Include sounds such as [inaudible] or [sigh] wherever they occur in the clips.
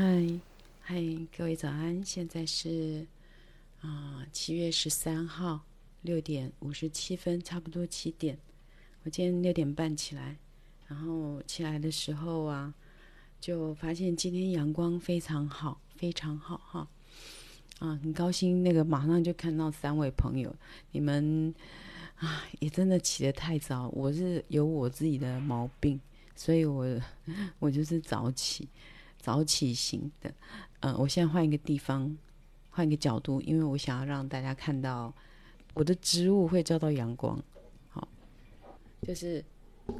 嗨，嗨，各位早安！現在是啊，呃，七月十三號六點五十七分，差不多七點。我今天六點半起來，然後起來的時候啊，就發現今天陽光非常好，非常好哈。啊，很高興那個馬上就看到三位朋友，你們啊也真的起得太早。我是有我自己的毛病，所以我我就是早起。早起型的，嗯、呃，我現在換一個地方，換一個角度，因為我想要讓大家看到我的植物會照到陽光。好，就是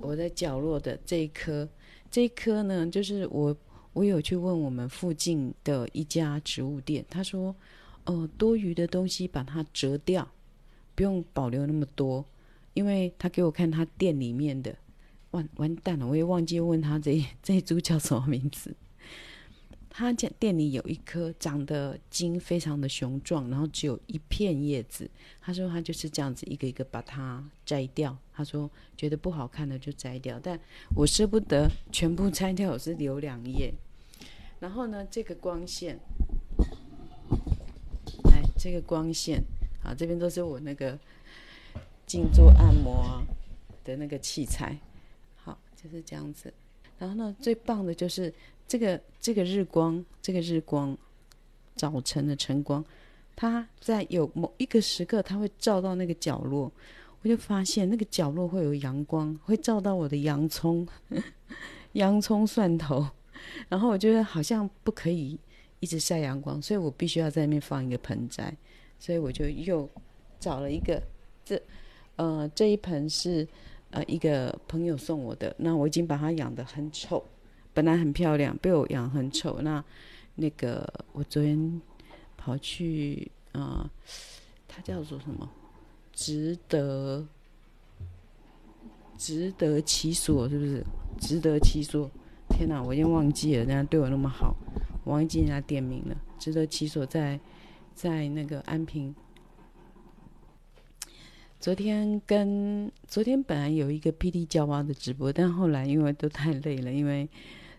我在角落的這一棵，這一棵呢，就是我我有去問我們附近的一家植物店，他說，呃，多餘的東西把它折掉，不用保留那麼多，因為他給我看他店裡面的，完，完蛋了，我也忘記問他這這一株叫什麼名字。他家店裡有一棵長得莖非常的雄壯，然後只有一片葉子。他說他就是這樣子一個一個把它摘掉。他說覺得不好看的就摘掉，但我舍不得全部摘掉，我是留兩葉。然後呢，這個光線，來這個光線啊，這邊都是我那個靜坐按摩的那個器材。好，就是這樣子。然後呢，最棒的就是。這個這個日光，這個日光，早晨的晨光，它在有某一個時刻，它會照到那個角落，我就發現那個角落會有陽光，會照到我的洋蔥、 [laughs] 洋蔥蒜頭，然後我覺得好像不可以一直曬陽光，所以我必須要在那邊放一個盆栽，所以我就又找了一個，這呃這一盆是呃一個朋友送我的，那我已經把它養得很醜。本來很漂亮，被我養很醜。那那個我昨天跑去啊，他、呃、叫做什麼？值得，值得其所，是不是？值得其所。天哪、啊，我已經忘記了。人家對我那麼好，忘記人家店名了。值得其所，在在那個安平。昨天跟昨天本來有一個霹靂嬌娃的直播，但後來因為都太累了，因為。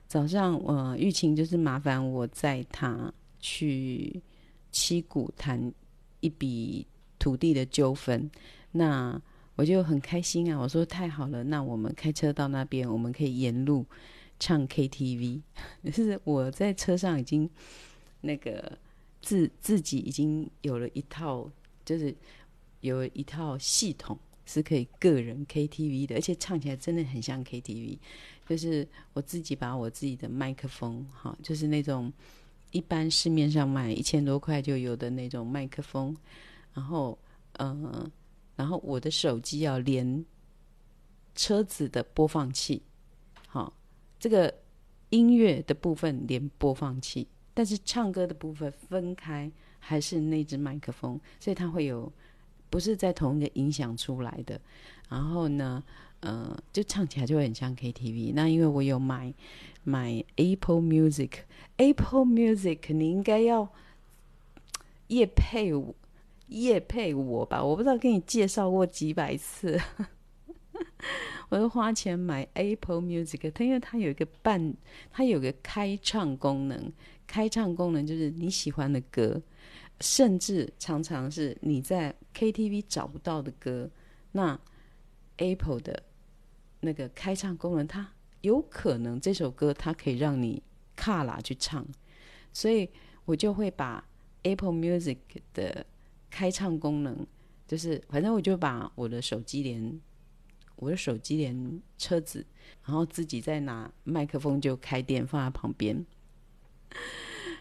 早上，我、呃、玉琴就是麻煩我載他去七股談一筆土地的糾紛，那我就很開心啊！我說太好了，那我們開車到那邊，我們可以沿路唱 KTV。 [laughs] 就是我在車上已經那個自自己已經有了一套，就是有一套系統是可以個人 KTV 的，而且唱起來真的很像 KTV。就是我自己把我自己的麥克風，哈，就是那種一般市面上賣一千多塊就有的那種麥克風，然後，嗯、呃，然後我的手機要連車子的播放器，哈，這個音樂的部分連播放器，但是唱歌的部分分開，還是那隻麥克風，所以它會有，不是在同一個音響出來的，然後呢，呃，就唱起來就很像 KTV。那因為我有買買 Apple Music，Apple Music 你應該要業配我，業配我吧，我不知道跟你介紹過幾百次， [laughs] 我就花錢買 Apple Music。它因為它有一個半，它有個開唱功能，開唱功能就是你喜歡的歌，甚至常常是你在 KTV 找不到的歌。那 Apple 的那個開唱功能，它有可能這首歌它可以讓你卡拉去唱，所以我就會把 Apple Music 的開唱功能，就是反正我就把我的手機連我的手機連車子，然後自己再拿麥克風就開電放在旁邊，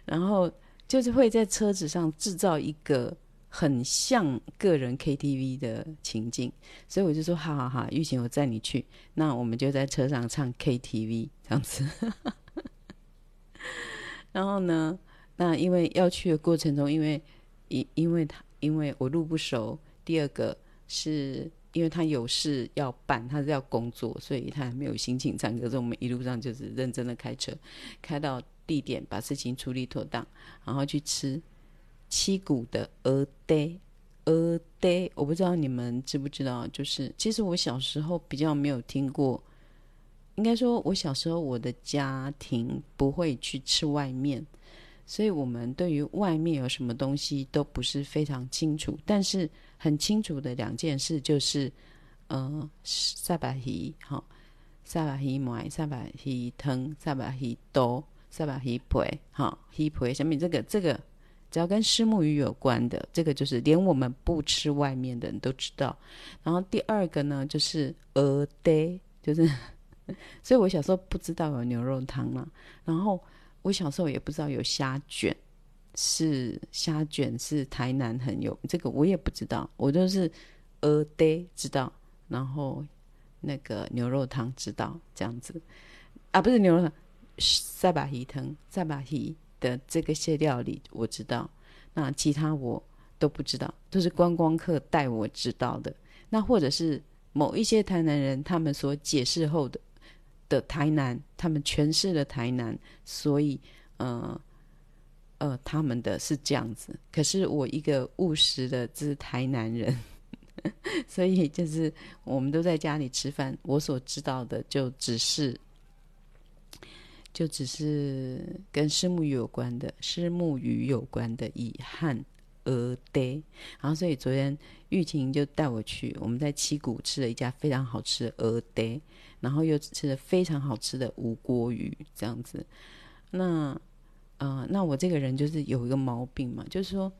然後就是會在車子上製造一個。很像個人 KTV 的情境，所以我就說好好好，玉琴，我載你去。那我們就在車上唱 KTV 這樣子。 [laughs] 然後呢，那因為要去的過程中，因為因因為他因為我路不熟，第二個是因為他有事要辦，他是要工作，所以他還沒有心情唱歌。所以我們一路上就是認真的開車，開到地點，把事情處理妥當，然後去吃。七股的蚵嗲、蚵嗲，我不知道你們知不知道。就是，其實我小時候比較沒有聽過，應該說，我小時候我的家庭不會去吃外面，所以我們對於外面有什麼東西都不是非常清楚。但是很清楚的兩件事就是，呃，薩白皮哈，薩白皮買，薩白皮湯，薩白皮多，薩白皮皮哈，皮、哦、皮。什米？這個，這個。只要跟虱目魚有關的，這個就是連我們不吃外面的人都知道。然後第二個呢，就是鵝代，就是，所以我小時候不知道有牛肉湯嘛、啊。然後我小時候也不知道有蝦捲，是蝦捲是台南很有這個我也不知道，我就是鵝代知道，然後那個牛肉湯知道，這樣子啊，不是牛肉湯，賽巴魚湯，賽巴的這個些料理我知道，那其他我都不知道，都是觀光客帶我知道的，那或者是某一些台南人他們所解釋後的的台南，他們詮釋了台南，所以呃呃他們的是這樣子，可是我一個務實的是台南人， [laughs] 所以就是我們都在家裡吃飯，我所知道的就只是。就只是跟虱目魚有關的，虱目魚有關的，以漢蚵嗲。然後，所以昨天玉婷就帶我去，我們在七股吃了一家非常好吃的蚵嗲，然後又吃了非常好吃的吳郭魚，這樣子。那，啊、呃，那我這個人就是有一個毛病嘛，就是說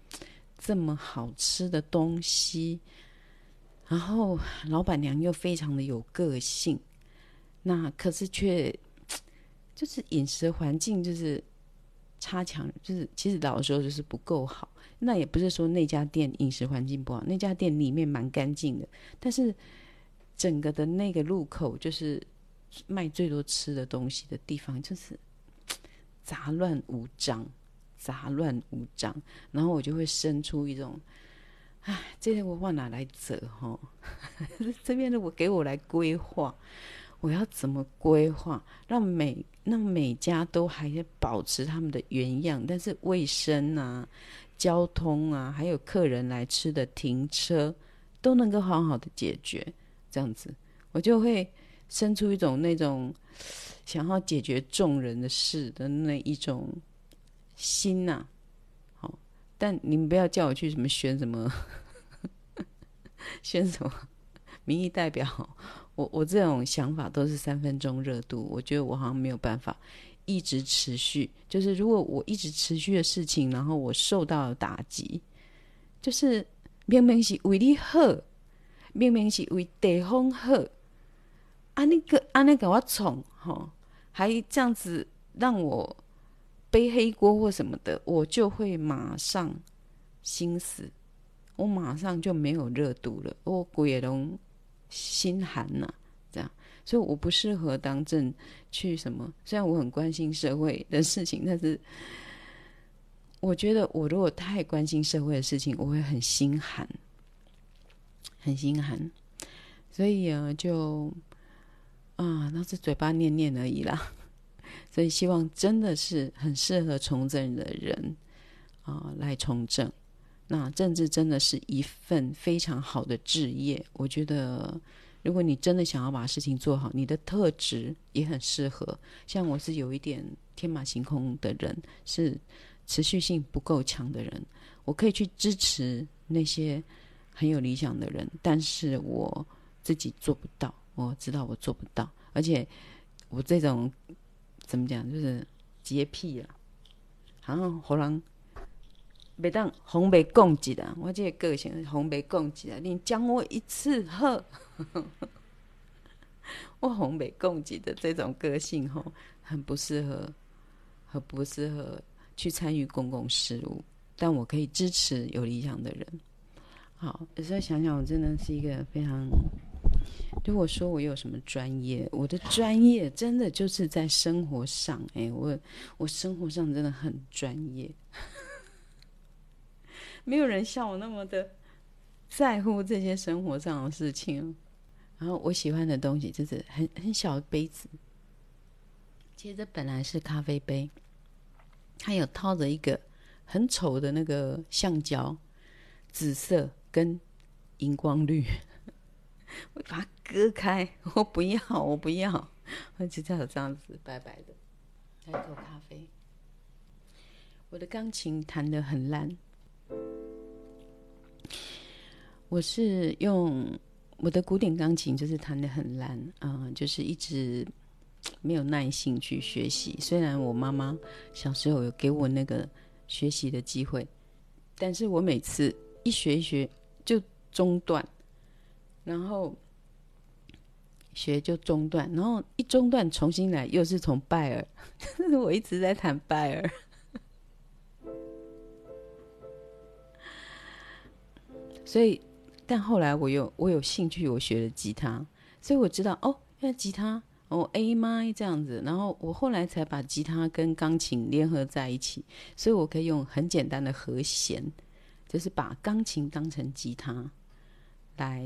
這麼好吃的東西，然後老闆娘又非常的有個性，那可是卻。就是飲食環境就是差強，就是其實老實說就是不夠好。那也不是說那家店飲食環境不好，那家店裡面蠻乾淨的。但是整個的那個路口就是賣最多吃的東西的地方，就是雜亂無章，雜亂無章。然後我就會生出一種，唉，這些文化哪來者？哈、哦， [laughs] 這邊的我給我來規劃。我要怎麼規劃，讓每讓每家都還保持他們的原樣，但是衛生啊、交通啊，還有客人來吃的停車，都能夠好好的解決，這樣子，我就會生出一種那種想要解決眾人的事的那一種心吶、啊。好，但你們不要叫我去什麼選什麼，呵呵選什麼民意代表。我我這種想法都是三分鐘熱度，我覺得我好像沒有辦法一直持續。就是如果我一直持續的事情，然後我受到了打擊，就是明明是為你好，明明是為對方好，啊那個啊那個我寵哈、哦，還這樣子讓我背黑鍋或什麼的，我就會馬上心死，我馬上就沒有熱度了，我鬼龍。心寒吶、啊，這樣，所以我不適合當政去什麼。雖然我很關心社會的事情，但是我覺得我如果太關心社會的事情，我會很心寒，很心寒。所以啊，就啊，那是嘴巴念念而已啦。所以希望真的是很適合從政的人啊來從政。那政治真的是一份非常好的職業，我覺得，如果你真的想要把事情做好，你的特質也很適合。像我是有一點天馬行空的人，是持續性不夠強的人。我可以去支持那些很有理想的人，但是我自己做不到，我知道我做不到，而且我這種怎麼講，就是潔癖啊，好像喉嚨。每當紅白共濟的，我這個個性紅白共濟的，你講我一次呵。 [laughs] 我紅白共濟的這種個性吼，很不適合，很不適合去參與公共事務，但我可以支持有理想的人。好，有時候想想，我真的是一個非常，如果說我有什麼專業，我的專業真的就是在生活上，誒、欸，我我生活上真的很專業。沒有人像我那麼的在乎這些生活上的事情。然後我喜歡的東西就是很很小的杯子，其實本來是咖啡杯，它有套着一個很醜的那個橡膠，紫色跟熒光綠我把它割開，我不要，我不要，我就這樣這樣子白白的，來一口咖啡。我的鋼琴彈得很爛。我是用我的古典鋼琴，就是彈得很爛啊、呃，就是一直沒有耐心去學習。雖然我媽媽小時候有給我那個學習的機會，但是我每次一學一學就中斷，然後學就中斷，然後一中斷重新來又是從拜爾，呵呵，我一直在彈拜爾。所以，但後來我有我有興趣，我學了吉他，所以我知道哦，要吉他哦 A 咪這樣子，然後我後來才把吉他跟鋼琴聯合在一起，所以我可以用很簡單的和弦，就是把鋼琴當成吉他來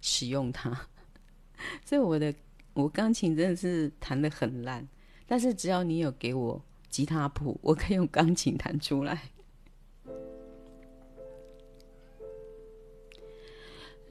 使用它。所以我的我鋼琴真的是彈得很爛，但是只要你有給我吉他譜，我可以用鋼琴彈出來。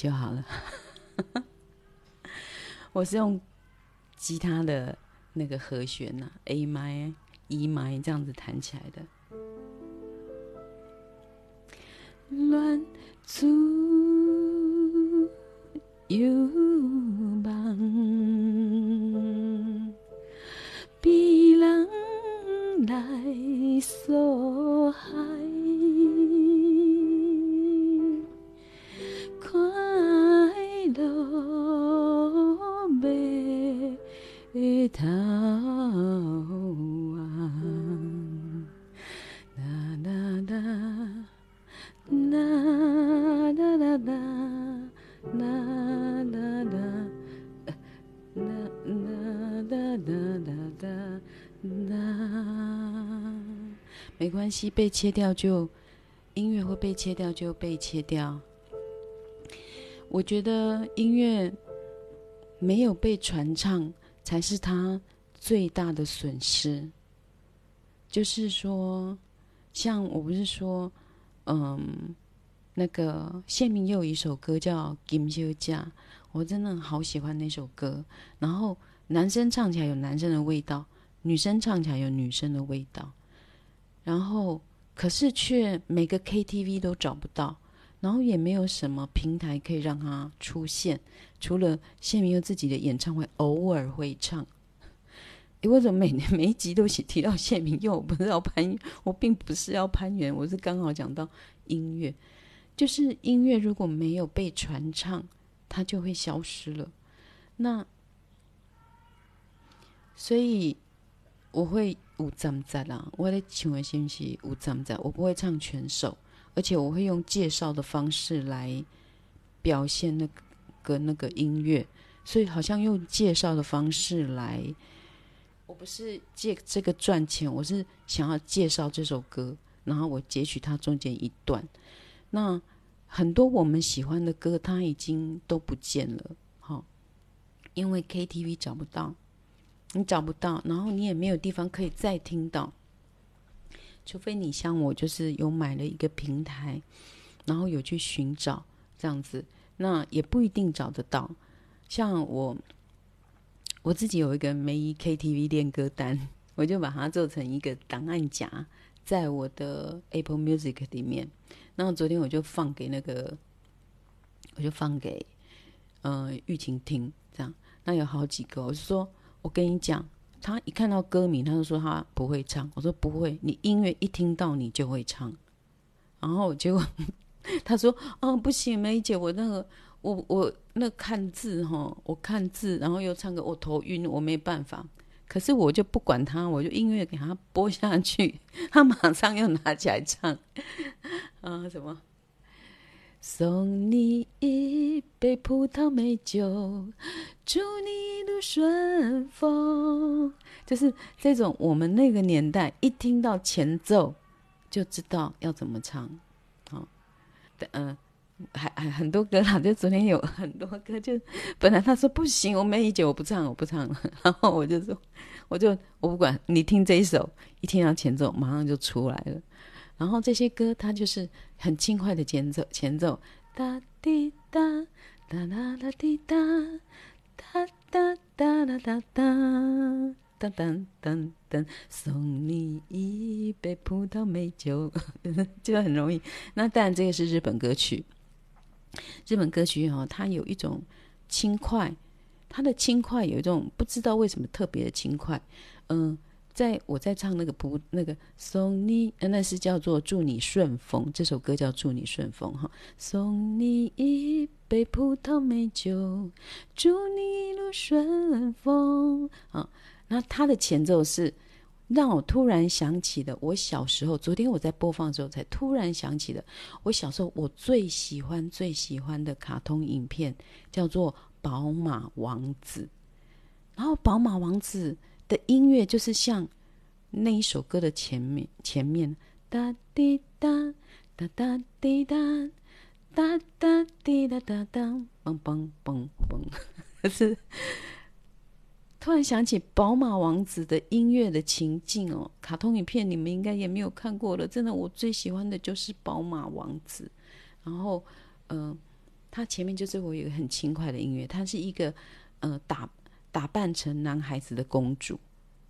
就好了， [laughs] 我是用吉他的那個和弦吶、啊、，A 麥 E 麥這樣子彈起來的。那沒關係，被切掉就音樂會被切掉就被切掉。我覺得音樂沒有被傳唱才是它最大的損失。就是說，像我不是說，嗯，那個謝銘又有一首歌叫《金小姐》，我真的好喜歡那首歌。然後男生唱起來有男生的味道。女生唱起來有女生的味道，然後可是卻每個 KTV 都找不到，然後也沒有什麼平台可以讓他出現，除了謝明佑自己的演唱會偶爾會唱。哎，為什麼每年每一集都提提到謝明佑？我不知道攀，我並不是要攀援，我是剛好講到音樂，就是音樂如果沒有被傳唱，它就會消失了。那所以。我會五站站啦，我得請問先，是五站站，我不會唱全首，而且我會用介紹的方式來表現那個、個那個音樂，所以好像用介紹的方式來。我不是借這個賺錢，我是想要介紹這首歌，然後我截取它中間一段。那很多我們喜歡的歌，它已經都不見了，哈，因為 KTV 找不到。你找不到，然後你也沒有地方可以再聽到，除非你像我，就是有買了一個平台，然後有去尋找這樣子，那也不一定找得到。像我，我自己有一個玫怡 KTV 練歌單，我就把它做成一個檔案夾，在我的 Apple Music 裡面。那我昨天我就放給那個，我就放給呃玉晴聽，這樣。那有好幾個，我就說。我跟你講，他一看到歌名，他就說他不會唱。我說不會，你音樂一聽到你就會唱。然後結果他說：“啊、哦，不行，玫姐，我那個我我那看字哈、哦，我看字，然後又唱歌，我頭暈，我沒辦法。可是我就不管他，我就音樂給他播下去，他馬上又拿起來唱。啊，什麼？”送你一杯葡萄美酒，祝你一路順風。就是這種，我們那個年代一聽到前奏，就知道要怎麼唱。好、哦，嗯、呃，還還很多歌啦，就昨天有很多歌，就本來他說不行，我沒理解，我不唱，我不唱了。然後我就說，我就，我不管，你聽這一首，一聽到前奏馬上就出來了。然後這些歌，它就是很輕快的前奏，前奏，噠滴噠，噠啦啦滴噠，噠噠噠啦噠噠，噠噠噠噠，送你一杯葡萄美酒 [laughs] [laughs] 就很容易。Daisuke 那當然，這個是日本歌曲，日本歌曲哈，它有一種輕快，它的輕快有一種不知道為什麼特別的輕快，嗯。在我在唱那個不，那個送你，那是叫做祝你順風。這首歌叫祝你順風哈。送你一杯葡萄美酒，祝你一路順風啊。那它的前奏是讓我突然想起的，我小時候昨天我在播放的時候才突然想起的。我小時候我最喜歡最喜歡的卡通影片叫做《寶馬王子》，然後《寶馬王子》。的音樂就是像那一首歌的前面，前面噠滴噠噠噠滴噠噠噠滴噠噠噠，嘣嘣嘣嘣！可 [laughs] 是突然想起《寶馬王子》的音樂的情境哦，卡通影片你們應該也沒有看過了。真的，我最喜歡的就是《寶馬王子》，然後嗯，他、呃、前面就是我有一個很輕快的音樂，它是一個嗯、呃、打。打扮成男孩子的公主，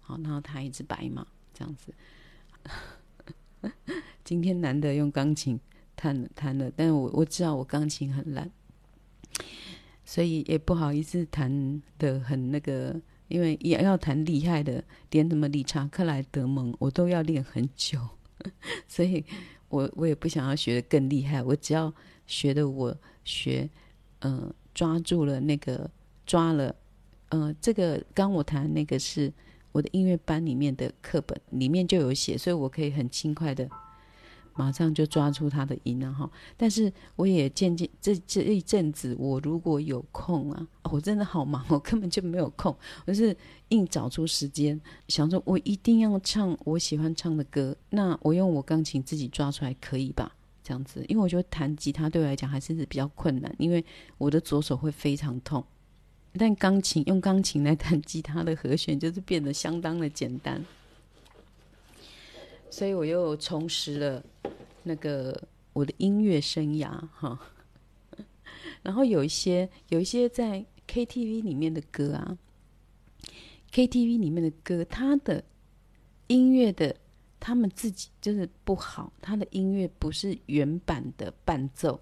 好，然後他一匹白馬這樣子。 [laughs] 今天難得用鋼琴彈了彈了，但是我我知道我鋼琴很爛，所以也不好意思彈的很那個，因為也要彈厲害的，連什麼理查克萊德蒙，我都要練很久，所以我我也不想要學的更厲害，我只要學的我學，嗯、呃，抓住了那個抓了。嗯、呃，這個剛我彈那個是我的音樂班裡面的課本裡面就有寫，所以我可以很輕快的馬上就抓出他的音啊哈。但是我也漸漸這這一陣子，我如果有空啊、哦，我真的好忙，我根本就沒有空，我是硬找出時間，想說我一定要唱我喜歡唱的歌，那我用我鋼琴自己抓出來可以吧？這樣子，因為我覺得彈吉他對我來講還是比較困難，因為我的左手會非常痛。但鋼琴，用鋼琴來彈吉他的和弦，就是變得相當的簡單。所以我又重拾了那個我的音樂生涯哈。然後有一些有一些在 KTV 裡面的歌啊，KTV 裡面的歌，他的音樂的他們自己就是不好，他的音樂不是原版的伴奏，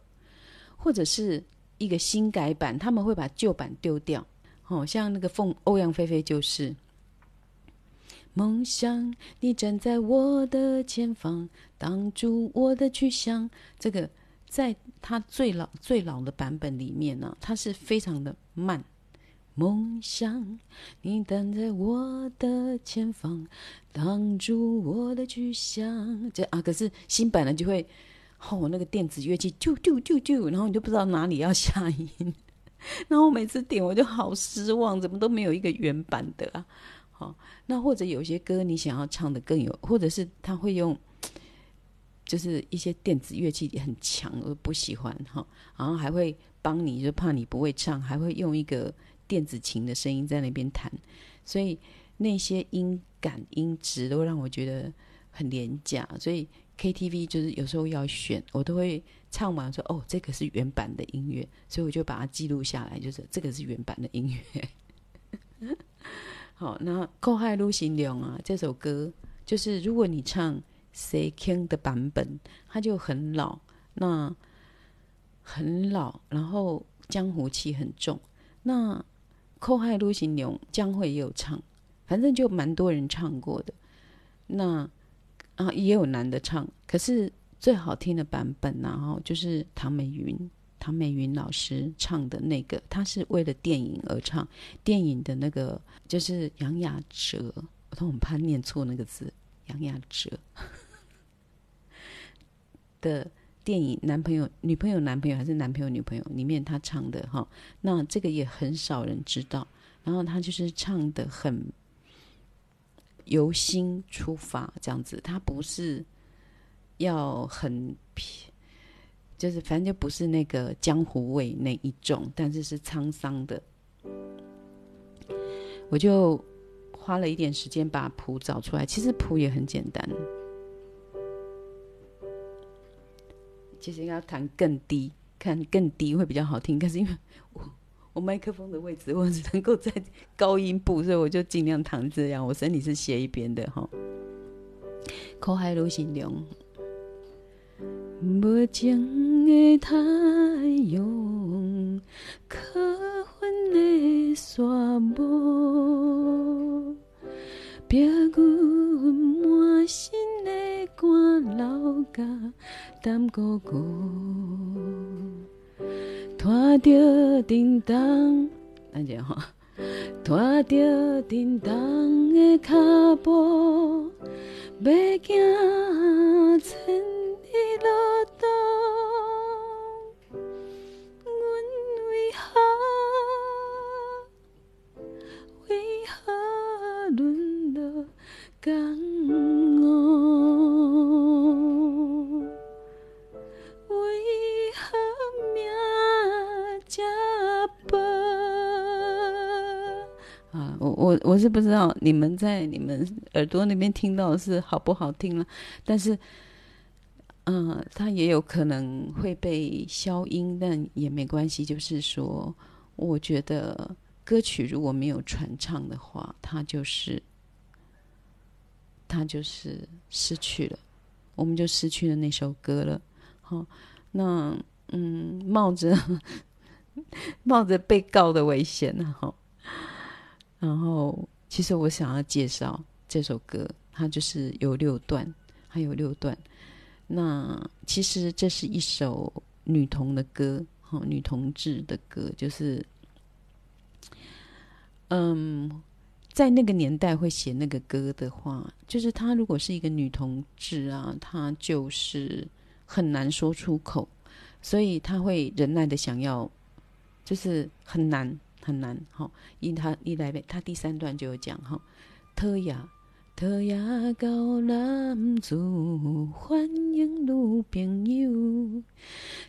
或者是。一個新改版，他們會把舊版丟掉。好、哦、像那個鳳，歐陽菲菲就是。夢想，你站在我的前方，擋住我的去向。這個在它最老最老的版本裡面呢、啊，它是非常的慢。夢想，你站在我的前方，擋住我的去向。這啊，可是新版的就會。哦，那個電子樂器啾啾啾啾，然後你就不知道哪裡要下音，然後每次點我就好失望，怎麼都沒有一個原版的、啊。好、哦，那或者有些歌你想要唱得更有，或者是他會用，就是一些電子樂器很強，我不喜歡哈、哦。然後還會幫你，就怕你不會唱，還會用一個電子琴的聲音在那邊彈，所以那些音感音質都讓我覺得很廉價，所以。KTV 就是有時候要選，我都會唱完說：“哦，這個是原版的音樂。”所以我就把它記錄下來，就是這個是原版的音樂。 [laughs] 好，那《扣海陸行鳥》啊，這首歌就是如果你唱 CKing 的版本，它就很老，那很老，然後江湖氣很重。那《扣海陸行鳥》將會也有唱，反正就蠻多人唱過的。那啊，也有男的唱，可是最好聽的版本，然後就是唐美雲，唐美雲老師唱的那個，她是為了電影而唱，電影的那個就是楊雅喆，我都很怕念錯那個字，楊雅喆。 [laughs] 的電影《男朋友》、女朋友、男朋友還是男朋友、女朋友，裡面他唱的哈、哦，那這個也很少人知道，然後他就是唱的很。由心出發，這樣子，它不是要很，就是反正就不是那個江湖味那一種，但是是滄桑的。我就花了一點時間把譜找出來，其實譜也很簡單。其實應該要彈更低，看更低會比較好聽，可是因為。我麥克風的位置，我只能夠在高音部，所以我就盡量躺這樣。我身體是斜一邊的，哈。苦海女神龍，無情的太陽，可恨的沙漠，逼我滿身的汗流下，濕漉漉。寶寶拖着沉重，哦、叮拖着沉重的腳步，要行千里路途。阮為何，為何淪落我我是不知道你們在你們耳朵那邊聽到的是好不好聽了，但是，嗯、呃，它也有可能會被消音，但也沒關係。就是說，我覺得歌曲如果沒有傳唱的話，它就是它就是失去了，我們就失去了那首歌了。好，那嗯，冒着冒着被告的危險，哈。然後，其實我想要介紹這首歌，它就是有六段，它有六段。那其實這是一首女同的歌，哈、哦，女同志的歌，就是，嗯，在那個年代會寫那個歌的話，就是她如果是一個女同志啊，她就是很難說出口，所以她會忍耐的想要，就是很難。很難哈，因、喔、他一來，唄他第三段就有講哈。特、喔、呀，特呀，高男族歡迎女朋友，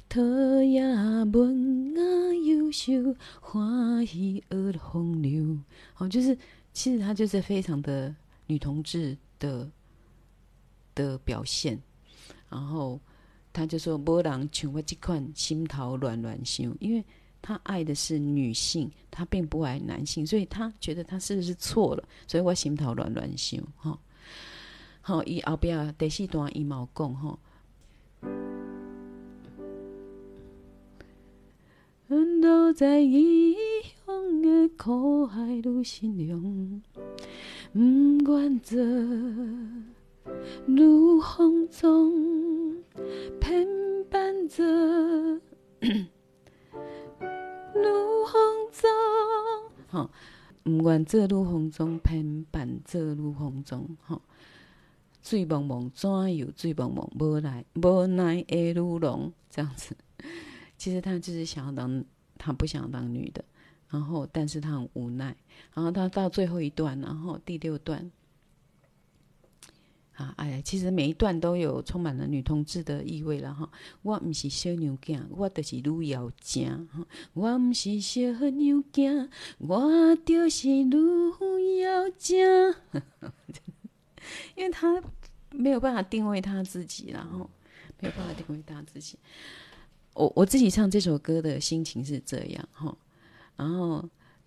特呀，文啊優秀，歡喜學風流。好、喔，就是其實他就是非常的女同志的的表現，然後他就說沒人像我這款，心頭亂亂想因為，他愛的是女性，他並不愛男性，所以他覺得他是不是錯了？所以我心頭亂亂想。哈，好，伊後面第四段伊嘛有講，哈。 [music] [music] 如紅妝、哦，哈，唔願做如紅妝，偏扮做如紅妝，哈，醉茫茫，怎有醉茫茫，無奈，無奈愛如龍，這樣子，其實他就是想要當，他不想當女的，然後，但是他很無奈，然後他到最後一段，然後第六段。啊，哎呀，其實每一段都有充滿了女同志的意味了哈。我唔是小牛仔，我就是路遙正。我唔是小牛仔，我就是路遙正。 [laughs] 因為他沒有辦法定位他自己啦，然後沒有辦法定位他自己。我我自己唱這首歌的心情是這樣哈，然後。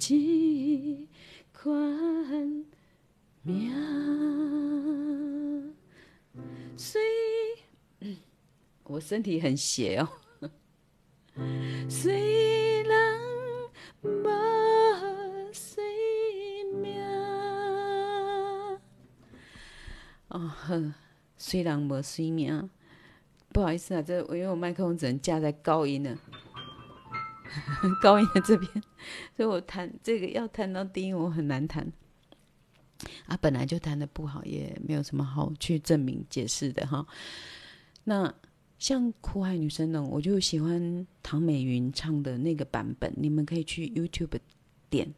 幾款名、嗯，水我身體很斜哦，水 [laughs] 人無水命。哦呵，水人無水命，不好意思啊，這因為我麥克風只能架在高音的。高音的這邊，所以我彈這個要彈到低音我很難彈啊，本來就彈得不好，也沒有什麼好去證明解釋的哈。那像《苦海女神龍》，我就喜歡唐美雲唱的那個版本，你們可以去 YouTube 點。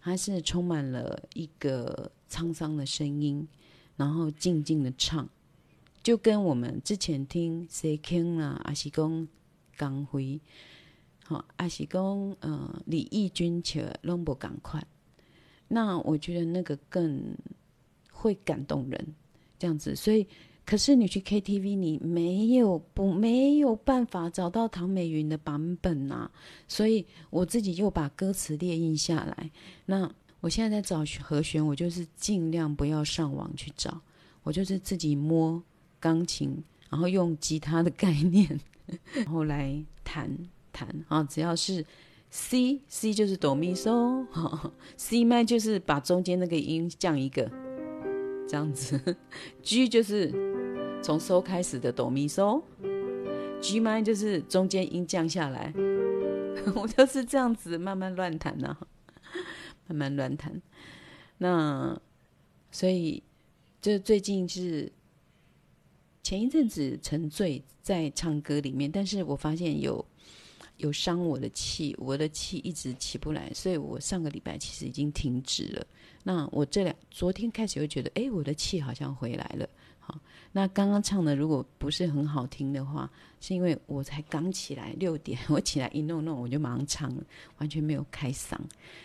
它是充滿了一個滄桑的聲音，然後靜靜的唱，就跟我們之前聽《誰聽了阿西公、剛、啊、回》。好，阿是公，嗯，李翊君唱，龍不趕快。那我覺得那個更會感動人，這樣子。所以，可是你去 KTV，你沒有不沒有辦法找到唐美雲的版本吶、啊。所以，我自己又把歌詞列印下來。那我現在在找和弦，我就是盡量不要上網去找，我就是自己摸鋼琴，然後用吉他的概念，然後來彈。彈啊，只要是 C C 就是哆咪嗦，C min 就是把中間那個音降一個，這樣子。G 就是從 so 開始的哆咪嗦，G min 就是中間音降下來。我就是這樣子慢慢亂彈啊，慢慢亂彈。那所以就最近就是前一陣子沉醉在唱歌裡面，但是我發現有。有傷我的氣，我的氣一直起不來，所以我上個禮拜其實已經停止了。那我這兩昨天開始又覺得，哎，我的氣好像回來了。好，那剛剛唱的如果不是很好聽的話，是因為我才剛起來六點，我起來一弄弄我就馬上唱了，完全沒有開嗓。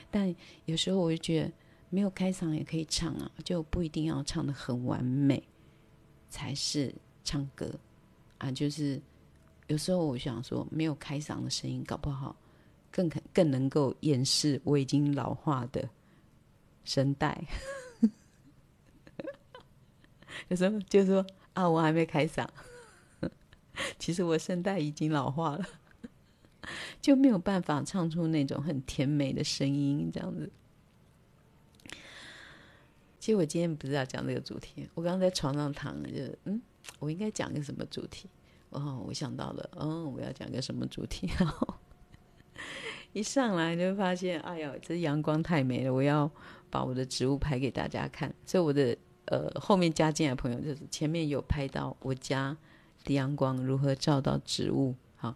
但有時候我就覺得沒有開嗓也可以唱啊，就不一定要唱得很完美才是唱歌啊，就是。有時候我想說，沒有開嗓的聲音，搞不好更更能夠掩飾我已經老化的聲帶。 [laughs] 有時候就說啊，我還沒開嗓， [laughs] 其實我聲帶已經老化了， [laughs] 就沒有辦法唱出那種很甜美的聲音，這樣子。其實我今天不知道講這個主題，我剛剛在床上躺著，嗯，我應該講個什麼主題？哦，我想到了，嗯，我要講個什麼主題？然 [laughs] 後一上來就發現，哎呀，這陽光太美了，我要把我的植物拍給大家看。所以我的呃後面加進來的朋友，就是前面有拍到我家的陽光如何照到植物。好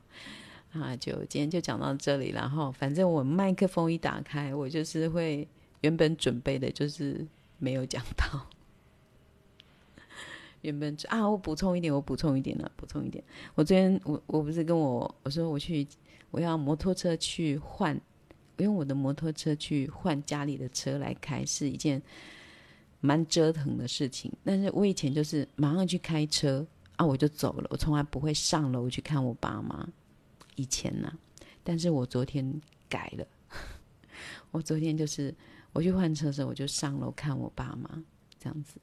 啊，那就今天就講到這裡。然後反正我麥克風一打開，我就是會原本準備的就是沒有講到。原本啊，我補充一點，我補充一點呢、啊，補充一點。我昨天我我不是跟我我說我去我要摩托車去換，我用我的摩托車去換家裡的車來開，是一件蠻折騰的事情。但是我以前就是馬上去開車啊，我就走了，我從來不會上樓去看我爸媽。以前呢、啊，但是我昨天改了， [laughs] 我昨天就是我去換車的時候，我就上樓看我爸媽，這樣子。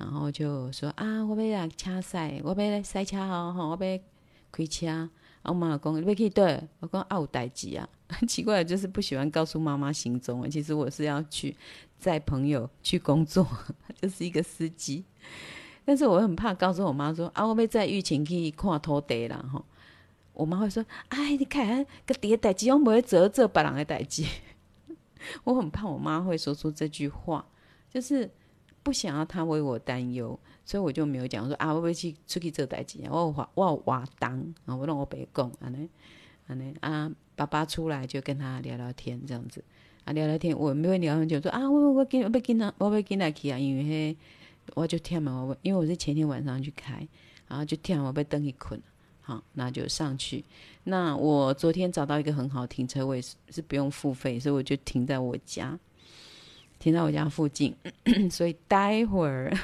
然後就說啊，我要來車賽，我要來賽車哦，我要開車，車，車。我媽老公，你別去，對我講啊，有代志啊。很奇怪，就是不喜歡告訴媽媽行蹤。其實我是要去載朋友去工作呵呵，就是一個司機。但是我很怕告訴我媽說啊，我要載玉琴去看土地啦吼，我媽會說，哎，你看，各地的代志，我不會做做別人個代志。我很怕我媽會說出這句話，就是。不想要他為我擔憂，所以我就沒有講說啊，我不去出去做代志。我話我話當，我讓我別講啊呢啊呢啊。爸爸出來就跟他聊聊天，這樣子啊聊聊天。我沒有聊很久，說啊，我我我跟不跟他，我不跟他去啊，因為我就天嘛，我，我因為我是前天晚上去開，然後就天我被燈給困了。好，那就上去。那我昨天找到一個很好停車位，是是不用付費，所以我就停在我家。停在我家附近， [coughs] 所以待會兒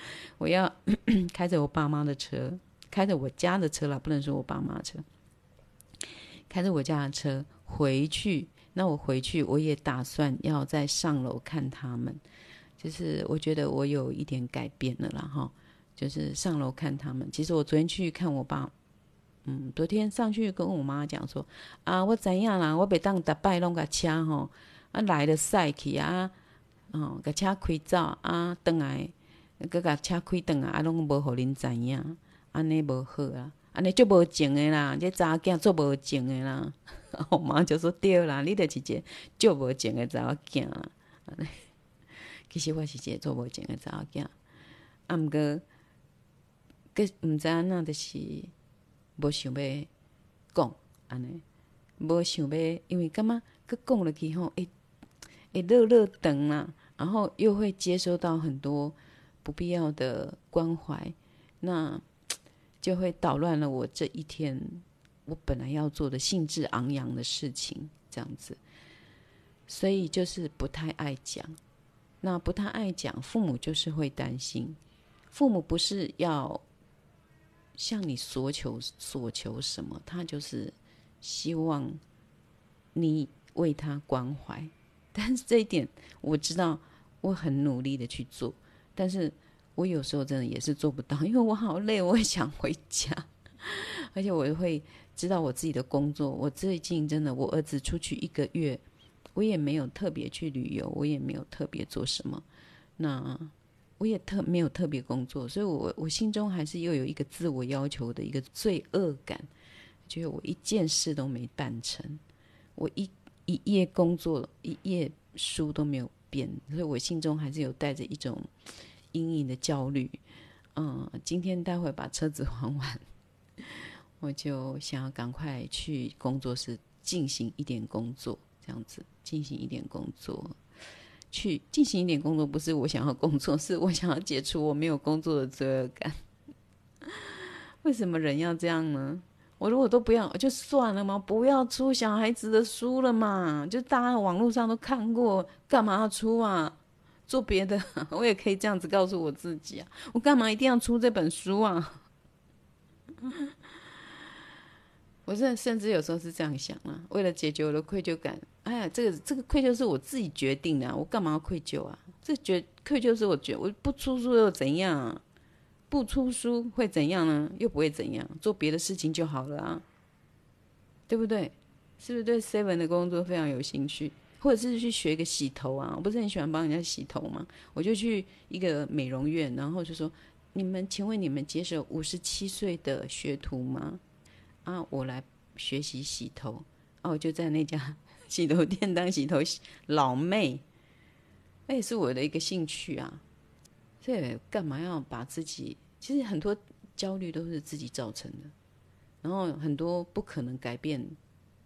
[laughs] 我要 [coughs] 開着我爸媽的車，開着我家的車啦，不能說我爸媽車，開着我家的車回去。那我回去，我也打算要再上樓看他們。就是我覺得我有一點改變了啦，哈。就是上樓看他們。其實我昨天去看我爸，嗯，昨天上去跟我媽講說啊，我怎樣啦？我被當打敗弄個槍哈。啊，來了賽去啊！哦，共車開走啊，倒來，佫共車開倒來，啊，攏無互恁知影，安尼無好啊，安尼足無證誒啦，這查某囝足無證誒啦！我媽就說對啦，你就是一個足無證誒查某囝安尼。其實我是一個足無證誒查某囝啊，毋過佫毋知影哪著是，無、就是、想要講安尼，無想要，因為感覺佫講落去吼，誒、欸。哎，熱熱等啊，然後又會接收到很多不必要的關懷，那就會搗亂了我這一天我本來要做的興緻昂揚的事情，這樣子，所以就是不太愛講，那不太愛講，父母就是會擔心，父母不是要向你索求索求什麼，他就是希望你為他關懷。但是這一點我知道，我很努力的去做，但是我有時候真的也是做不到，因為我好累，我也想回家，而且我也會知道我自己的工作。我最近真的，我兒子出去一個月，我也沒有特別去旅遊，我也沒有特別做什麼，那我也特沒有特別工作，所以我我心中還是又有一個自我要求的一個罪惡感，就是我一件事都沒辦成，我一。一頁工作，一頁書都沒有編，所以我心中還是有帶着一種陰影的焦慮。嗯，今天待會把車子還完，我就想要趕快去工作室進行一點工作，這樣子進行一點工作，去進行一點工作，不是我想要工作，是我想要解除我沒有工作的罪惡感。為什麼人要這樣呢？我如果都不要，就算了嘛。不要出小孩子的書了嘛，就大家網絡上都看過，幹嘛要出啊？做別的啊，我也可以這樣子告訴我自己啊。我幹嘛一定要出這本書啊？我甚甚至有時候是這樣想啊，為了解決我的愧疚感。哎呀，這個這個愧疚是我自己決定的啊，我幹嘛要愧疚啊？這個愧疚是我覺，我不出書又怎樣啊？不出書會怎樣呢？又不會怎樣，做別的事情就好了啊，對不對？是不是對 Seven 的工作非常有興趣？或者是去學個洗頭啊？我不是很喜歡幫人家洗頭嘛？我就去一個美容院，然後就說：“你們請問你們接受五十七歲的學徒嗎？”啊，我來學習洗頭。哦、啊，我就在那家洗頭店當洗頭老妹，那也是我的一個興趣啊。對，幹嘛要把自己？其實很多焦慮都是自己造成的，然後很多不可能改變，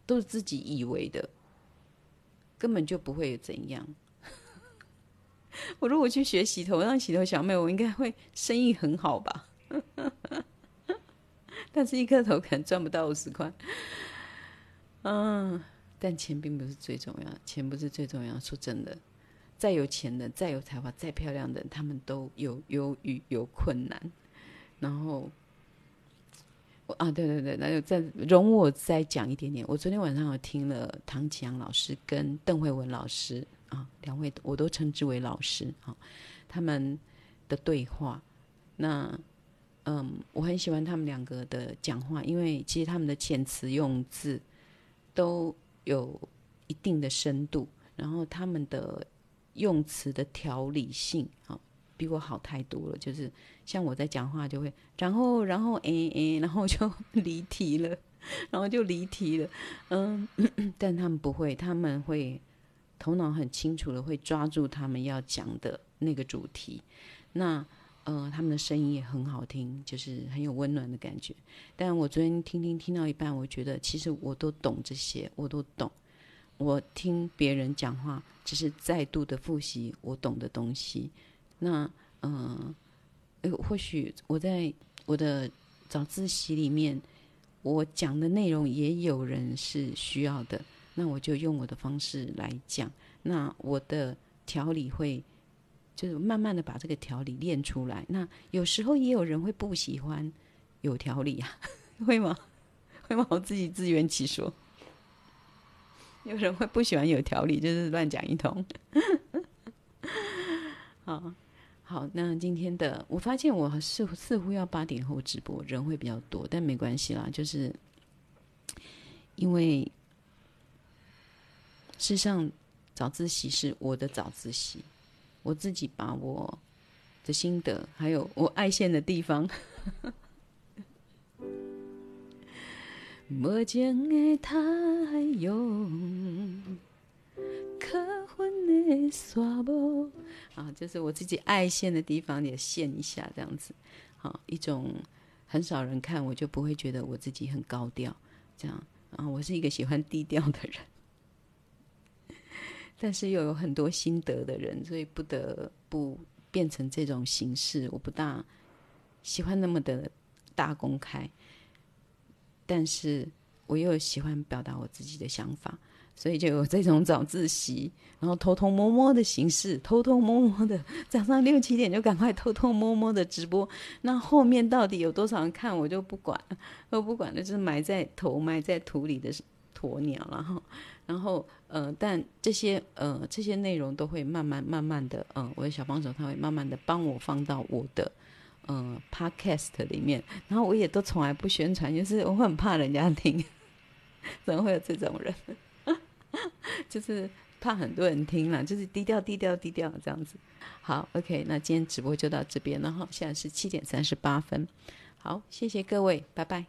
都是自己以為的，根本就不會怎樣。 [laughs] 我如果去學洗頭，讓洗頭小妹，我應該會生意很好吧？ [laughs] 但是，一顆頭可能賺不到五十塊。嗯，但錢並不是最重要，錢不是最重要。說真的。再有錢的、再有才華、再漂亮的，他們都有憂鬱、有困難。然後，我啊，對對對，那就再容我再講一點點。我昨天晚上有聽了唐綺陽老師跟鄧惠文老師啊，兩位我都稱之為老師啊，他們的對話。那嗯，我很喜歡他們兩個的講話，因為其實他們的遣詞用字都有一定的深度，然後他們的。用詞的條理性啊，哦，比我好太多了。就是像我在講話，就會然後然後誒誒、哎哎，然後就離題了，然後就離題了。嗯，咳咳但他們不會，他們會頭腦很清楚的，會抓住他們要講的那個主題。那嗯、呃，他們的聲音也很好聽，就是很有溫暖的感覺。但我昨天聽聽聽到一半，我覺得其實我都懂這些，我都懂。我聽別人講話，只是再度的複習我懂的東西。那嗯，哎、呃，或許我在我的早自習裡面，我講的內容也有人是需要的，那我就用我的方式來講。那我的條理會，就是慢慢的把這個條理練出來。那有時候也有人會不喜歡有條理啊， [laughs] 會嗎？會嗎？我自己自圓其說。有人會不喜歡有條理，就是亂講一通。 [laughs] 好好，那今天的我發現我似乎似乎要八點後直播，人會比較多，但沒關係啦，就是因為事實上，早自習是我的早自習，我自己把我的心得還有我愛現的地方。 [laughs] 無情的太陽，可恨的沙漠。啊，就是我自己愛現的地方，也現一下這樣子。啊，一種很少人看，我就不會覺得我自己很高調。這樣，啊，我是一個喜歡低調的人，但是又有很多心得的人，所以不得不變成這種形式。我不大喜歡那麼的大公開。但是我又喜歡表達我自己的想法，所以就有這種早自習，然後偷偷摸摸的形式，偷偷摸摸的，早上六七點就趕快偷偷摸摸的直播。那後面到底有多少人看，我就不管了，都不管了，就是埋在頭埋在土裡的鴕鳥了。然後，然後，呃，但這些呃這些內容都會慢慢慢慢的，嗯、呃，我的小幫手他會慢慢的幫我放到我的。嗯，Podcast 裡面，然後我也都從來不宣傳，就是我很怕人家聽， [laughs] 怎麼會有這種人？ [laughs] 就是怕很多人聽了，就是低調低調低調這樣子。好，OK，那今天直播就到這邊，然後現在是七點三十八分，好，謝謝各位，拜拜。